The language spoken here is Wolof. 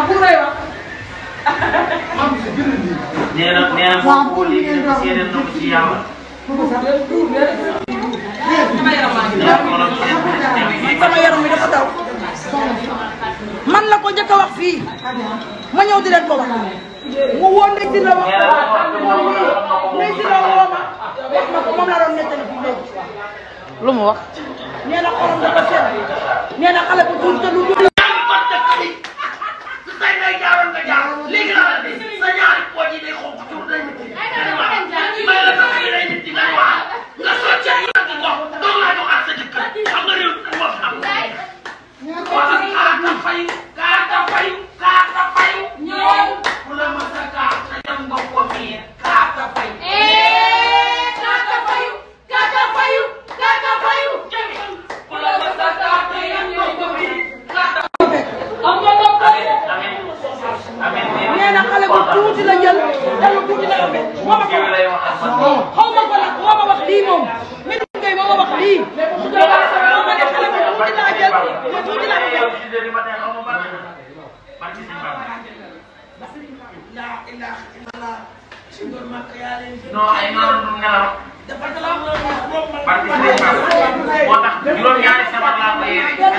ah pour lay wax. man de gën a nee na nee na moom boo léegi nag séeréer na ko ci yàlla. sama yaram mi dafa daw. man la ko njëkk a wax fii ma ñëw di leen ko wax mu woon ne dina wax ne dina woo ma wax ma ko moom laa doon nettali fii léegi lu mu wax nee na xorom dafa sedd nee na xale bu tuuti te lu tey ngay jaaroon nga jaar léegi laa la dee sa ñaari poñ tuuti la jël dellu tuuti la ëmbe moo ma ko xaw ma ko nag moo ma wax lii moom mi du ngay moo ma wax lii su doon wax sax moo ma ne xale bu tuuti laa jël ma tuuti laa ko non ay noonu du nelaw. dafa nelaw moo tax juróom-ñaari